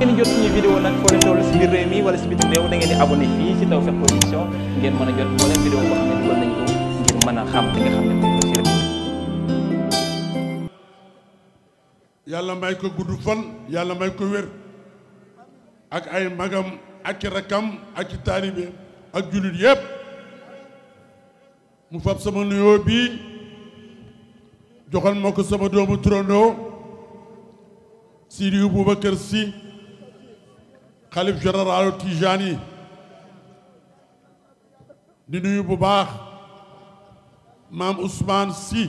ngeen jot a jot moo leen vidéo boo yàlla may ko gudd fan yàlla may ko wér ak ay magam ak i rakkam ak i taalibe ak jullit yépp mu fab sama nuyoo bii joxal ma ko sama doomu turandoo Sidi Boubacar Sy xalif généralu Tijaan yi di nuyu bu baax maam Ousmane Sy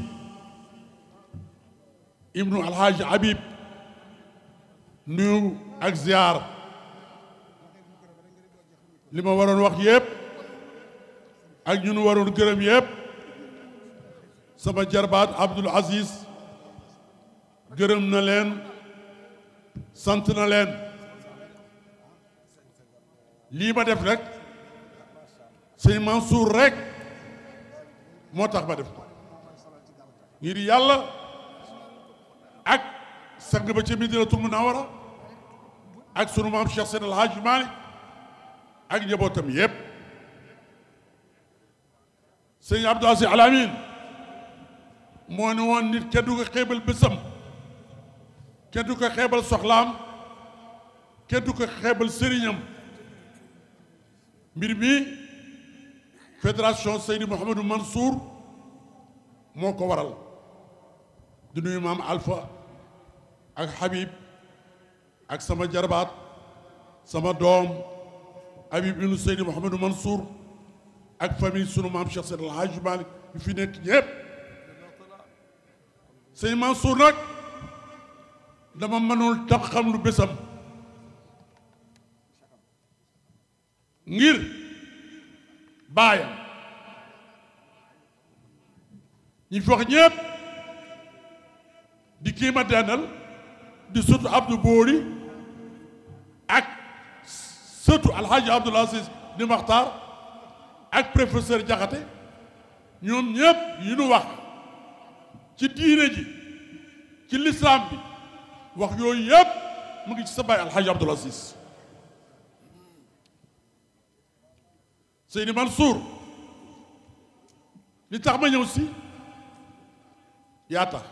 ibnu alxaaji Habib nuyu ak ziar li ma waroon wax yépp ak ñu nu waroon gërëm yépp sama jarbaat Abdoul Aziz gërëm na leen sant na leen lii ma def rek sëñ Mansour rek moo tax ma def ko ngir yàlla ak sang ba ca Madinatul Munawwara ak sunu maam Cheikh Seydi El Hadji Malick ak njabootam yépp sëñ Abdou Aziz Al Amine moo ne woon nit kenn du ko xeebal bésam kenn du ko xeebal soxlaam kenn du ko xeebal sëriñam mbir bi fédération Seydi Mouhamadou Mansour moo ko waral di nuyu maam Alpha ak Habib ak sama jarbaat sama doom Habib ibnu Seydi Mouhamadou Mansour ak famille sunu maam Cheikh Seydi El Hadji Malick yu fi nekk ñépp Seydi Mansour nag dama mënul tax xam lu bésam ngir baayam ñi fi wax ñépp di kiima dendal di sëtu Abdou Boori ak sëtu Alhaji Abdoul Aziz di Maxtaar ak professeur Jaxate ñoom ñépp yi nu wax ci diine ji ci lislaam bi wax yooyu yépp mu ngi ci sa baay Alhaji Abdoul Aziz man suur li tax ma ñëw si yaa tax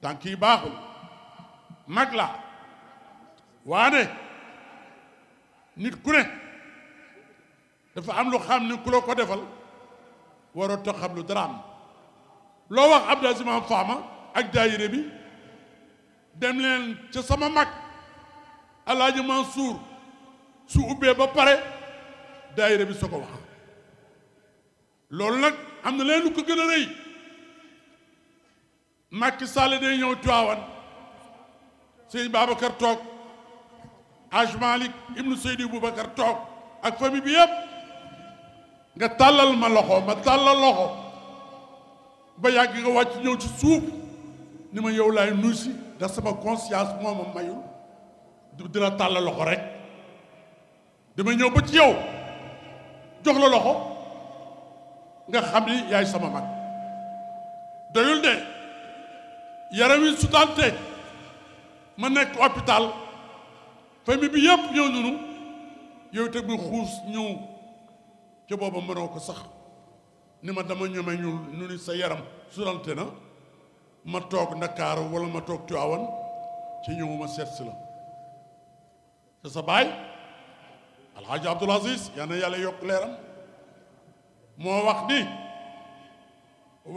tànk yi baaxul nag la waane nit ku ne dafa am lu xam ni ku ko defal waroo toog xam lu dara am loo wax Abdou Aziz Mam Faama ak daayire bi dem leen ca sama mag Alaaji suur su ubbee ba pare daayira bi soo ko wax loolu nag am na leen lu ko gën a rëy Macky Sall day ñëw Tiwaawan sëñ Babacar toog Aj Malick ibnu Seydi Boubacar toog ak famille bi yëpp nga tàllal ma loxo ma tàllal loxo ba yàgg nga wàcc ñëw ci suuf ni ma yow laay nuy si ndax sama conscience moom ma mayul dina tàllal loxo rek dama ñëw ba ci yow jox la loxo nga xam ni yaay sama mag doyul de yaram yi su ma nekk hôpital famille bi yëpp ñëw nunu yow te bu xuus ñëw ca booba mënoo ko sax ni ma dama ñeme ñu nu ni sa yaram sudante na ma toog ndakaaru walla ma toog Tiwaawan ci ñëwuma seet si la te sa baay alxaaji abdul aziz yal na yàlla yokk leeram moo wax ni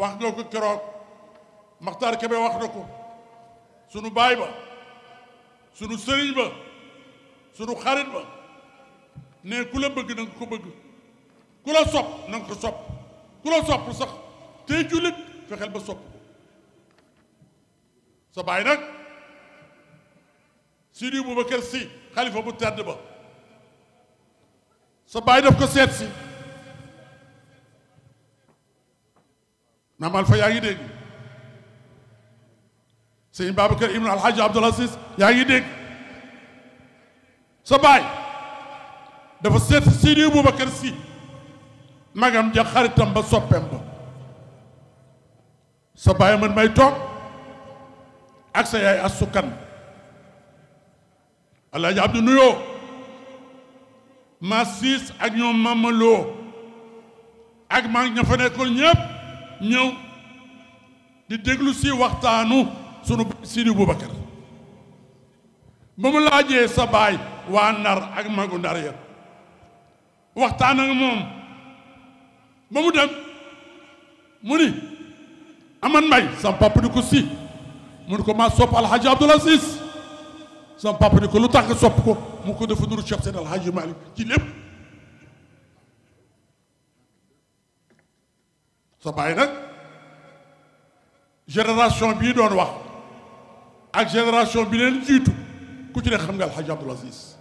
wax nga ko keroog maxtaar kebe wax na ko sunu baay ba sunu sëriñ ba sunu xarit ba ne ku la bëgg na nga ko bëgg ku la sopp na nga ko sopp ku la sopp sax tey jullit fexeel ba sopp ko sa baay nag Sidi Boubacar si xalifa bu tedd ba sa baay daf ko seet si maam Alfa yaa ngi dégg sëñ Babacar ibnu Alhaji Abdoul yaa ngi dégg sa baay dafa seet Seydi Boubacar Sy magam ja xaritam ba soppeem ba sa baay man may toog ak sa yaay assukan Alhaji Abdou nuyoo ma siis ak ñoom mamaloo ak maa ña fa nekkoon ñëpp ñëw di déglu si waxtaanu sunu Sidi Boubacar ba mu laajee sa baay waa ndar ak magu ndar ya waxtaan ak moom ba mu dem mu ni aman mbay sam di ko si mu ko maa sopp alxaaji Abdoul Aziz sama papa ko lu tax sopp ko mu ko dafa nuru Cheikh Seydi El Hadji Malick ci lépp sa nag génération bii doon wax ak génération bi leen jiitu ku ci ne xam nga El Hadji Abdoul Aziz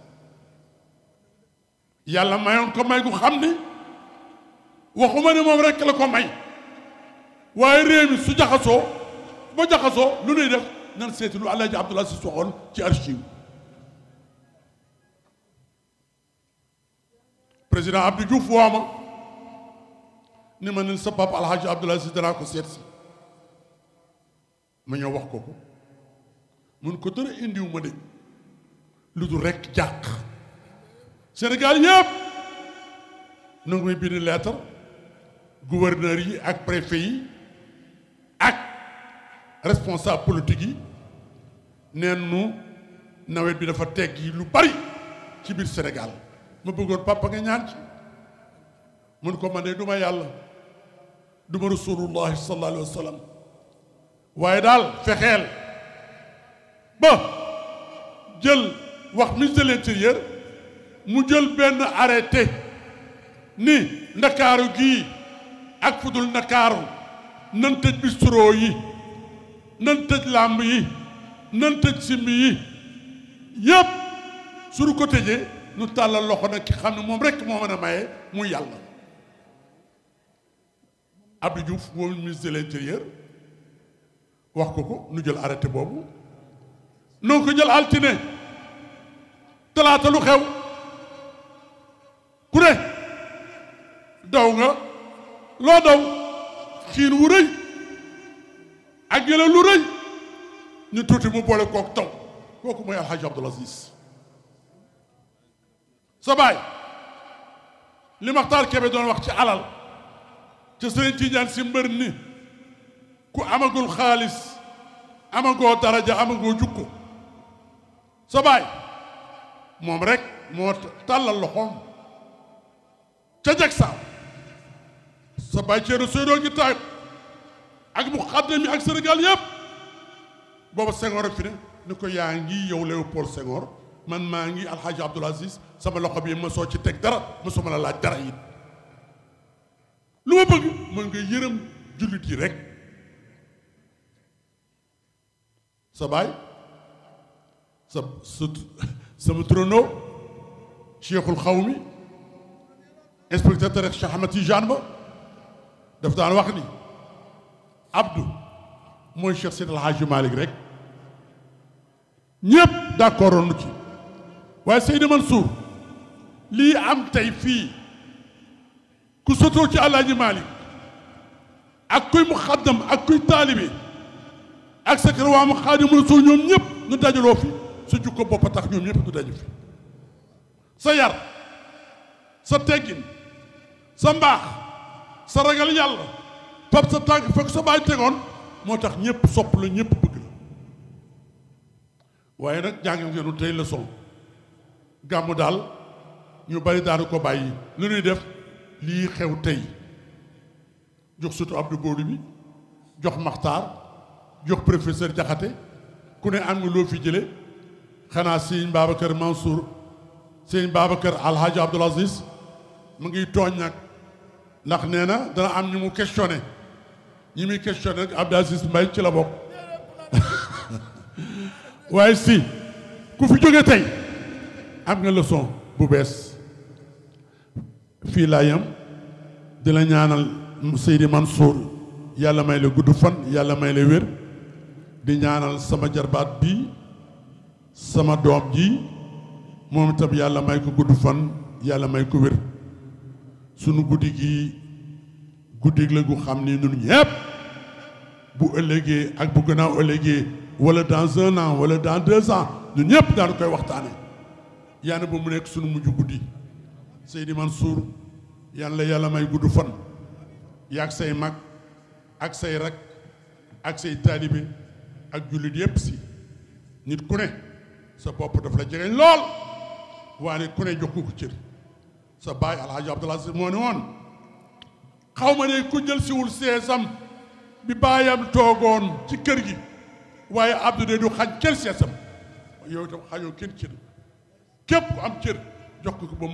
yàlla mayoon ko may gu xam ni waxuma ne moom rekk la ko may waaye réew su jaxasoo ba jaxasoo lu nuy def nan seeti lu Alaaji Abdul Asiis waxoon ci archive président Abdou Diouf woo ma ni ma nen sa papa Alaaji Abdul Asiis danaa ko seet si ma ñëw wax ko ko mun ko dara indiw ma de lu dul rekk jàq Sénégal yëpp nangu may bind lettre gouverneur yi ak préfet yi responsable politique yi neen nu nawet bi dafa teg yi lu bari ci biir Sénégal ma bëggoon papa nga ñaan ci mun ko man de du ma yàlla du ma rasulullahi sallallahu alayhi wa waaye daal fexeel ba jël wax ministre de l'intérieur mu jël benn arrêté ni ndakaaru gii ak fudul ndakaaru nan tëj yi nan làmb yi nan tëj simb yi yépp suñu ko tëjee nu tàllal loxo nag ki xam ne moom rek moo mën a maye muy yàlla Abdou Diouf moom de l'intérieur wax ko ko nu jël arrêté boobu noo ko jël altine talaata lu xew ku ne daw nga loo daw xiin wu rëy ak ngelaw lu rëy ñu tuuti mu boole kook taw kooku mooy alxaaji Abdul Aziz li Maxtaar Kebe doon wax ci alal ca Sëriñ Tijaan si mbër ni ku amagul xaalis amagoo daraja amagoo jukko sa moom rek moo tàllal loxoom ca jag saaw sa baay sooy doo ngi ak mu xàddee mi ak Sénégal yëpp booba Senghor fi ne ni ko yaa ngi yow Léopold Senghor man maa ngi alxaaji Abdoul Aziz sama loxo bi ma soo ci teg dara ma soo ma la laaj dara it lu ma bëgg mooy nga yërëm jullit yi rek sa baay sa sa sama turandoo cheikhul xaw mi inspecteur Cheikh Ahmed Tidiane ba daf daan wax ni Abdou mooy Cheikh Seydi El Hadji Malick rek ñëpp d'accord waaye Seydi Mansour lii am tey fii ku sotoo ci El Hadji Malick ak kuy muxaddam ak kuy taalibe ak sa kër waa mu Xaadimu ñoom ñëpp ñu dajaloo fi su jukko bopp ñoom ñëpp ñu daju fi sa yar sa teggin sa sa ragal yàlla fab sa tànk fekk sa baay tegoon moo tax ñëpp sopp la ñëpp bëgg la waaye nag jàngam ngeenu tey la sol gàmmu daal ñu bari daanu ko bàyyi li ñuy def lii xew tey jox surtout Abdou Bóodu bi jox Maxtaar jox professeur Jaxate ku ne am nga loo fi jële xanaa sëñ Babacar Mansour sëñ Babacar Alhaji Abdoul Aziz mu ngi tooñ nag ndax nee na dana am ñu mu questionné ñi muy question rek Abdou Aziz Mbaye ci la bokk waaye si ku fi jóge tey am nga leçon bu bees fii laa yam ñaanal la ñaanal Seydi Mansour yàlla may la gudd fan yàlla may la wér di ñaanal sama jarbaat bi sama doom ji moom itam yàlla may ko gudd fan yàlla may ko wér sunu guddi gi guddi la gu xam ni ñun ñëpp bu ëllëgee ak bu gannaaw ëllëgee wala dans un an wala dans deux ans ñun ñëpp daanu koy waxtaane yaana ba mu nekk sunu mujj guddi Seydi Mansour yàlla yàlla may gudd fan yaag say mag ak say rak ak say taalibe ak jullit yëpp si nit ku ne sa bopp daf la jegeñ lool waaye ku ne jox ko cër sa baay alxaaji Abdoulaye Si moo ne woon xaw ma ne ku jël siwul seesam bi baayam toogoon ci kër gi waaye Abdou de du xañ kenn seesam yow ku am cër jox ko ba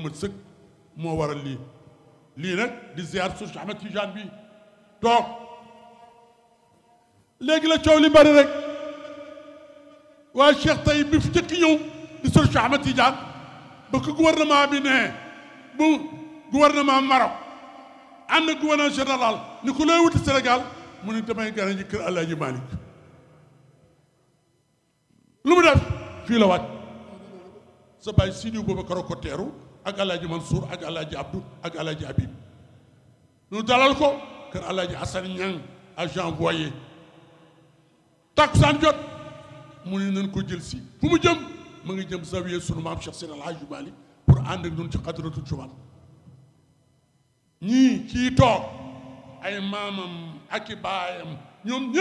moo waral lii lii nag di ziar suuf si Ahmed bi toog léegi la coow li bari rek waaye Cheikh Tayyib bi fi njëkk ñëw di suuf si Ahmed Tijaan ba ko gouvernement bi ne bu gouvernement Maroc ànd ak gouverneur général ni ko wuti Sénégal mu ne damay gane ji kër Alaaji Malick lu mu def fii la wàcc sa bàyyi Sidiou Boubacar ko teeru ak Alaaji Mansour ak Alaaji Abdou ak Alaaji Habib ñu dalal ko kër Alaaji Assane Niang agent voyer takkusaan jot mu ne nañ ko jël si fu mu jëm mu ngi jëm zawiya sunu maam Cheikh Seydi El Hadji Malick pour ànd ak ñun ci xadratul jumaat ñii ci toog ay maamam ak i ñoom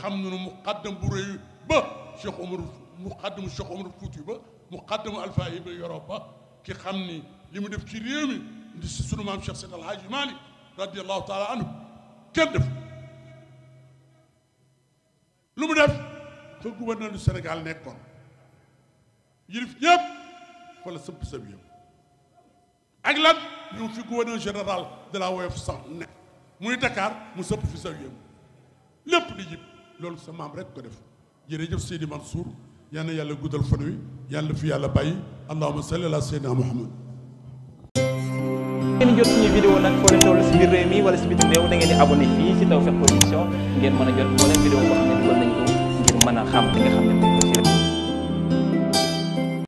xam nañu muqaddam bu rëy ba Cheikh Omar muqaddamu Cheikh Omar Fouti ba muqaddamu Alpha ki xam ni li mu def ki réew mi di si sunu maam Cheikh Seydi El Hadji Malick radiallahu taala anhu kenn def lu mu def fa gouverneur du Sénégal nekkoon yilif ñëpp fa la sëpp sëb yëpp ak lan ñu fi gouverneur général de la OF sax ne muy Dakar mu sëpp fi sa yéem lépp loolu sa maam rek ko def jërëjëf Seydi Mansour yal na yàlla guddal fan wi yàlla fi yàlla bàyyi allahumma salli ala sayyidina muhammad ngeen jot suñu vidéo nag foo leen toll si biir réew mi wala si bitim réew da ngeen di abonné fii si Tawfekh Production ngeen mën a jot moo leen vidéo boo xam ne dugal nañ ko ngir mën a xam li nga xam ne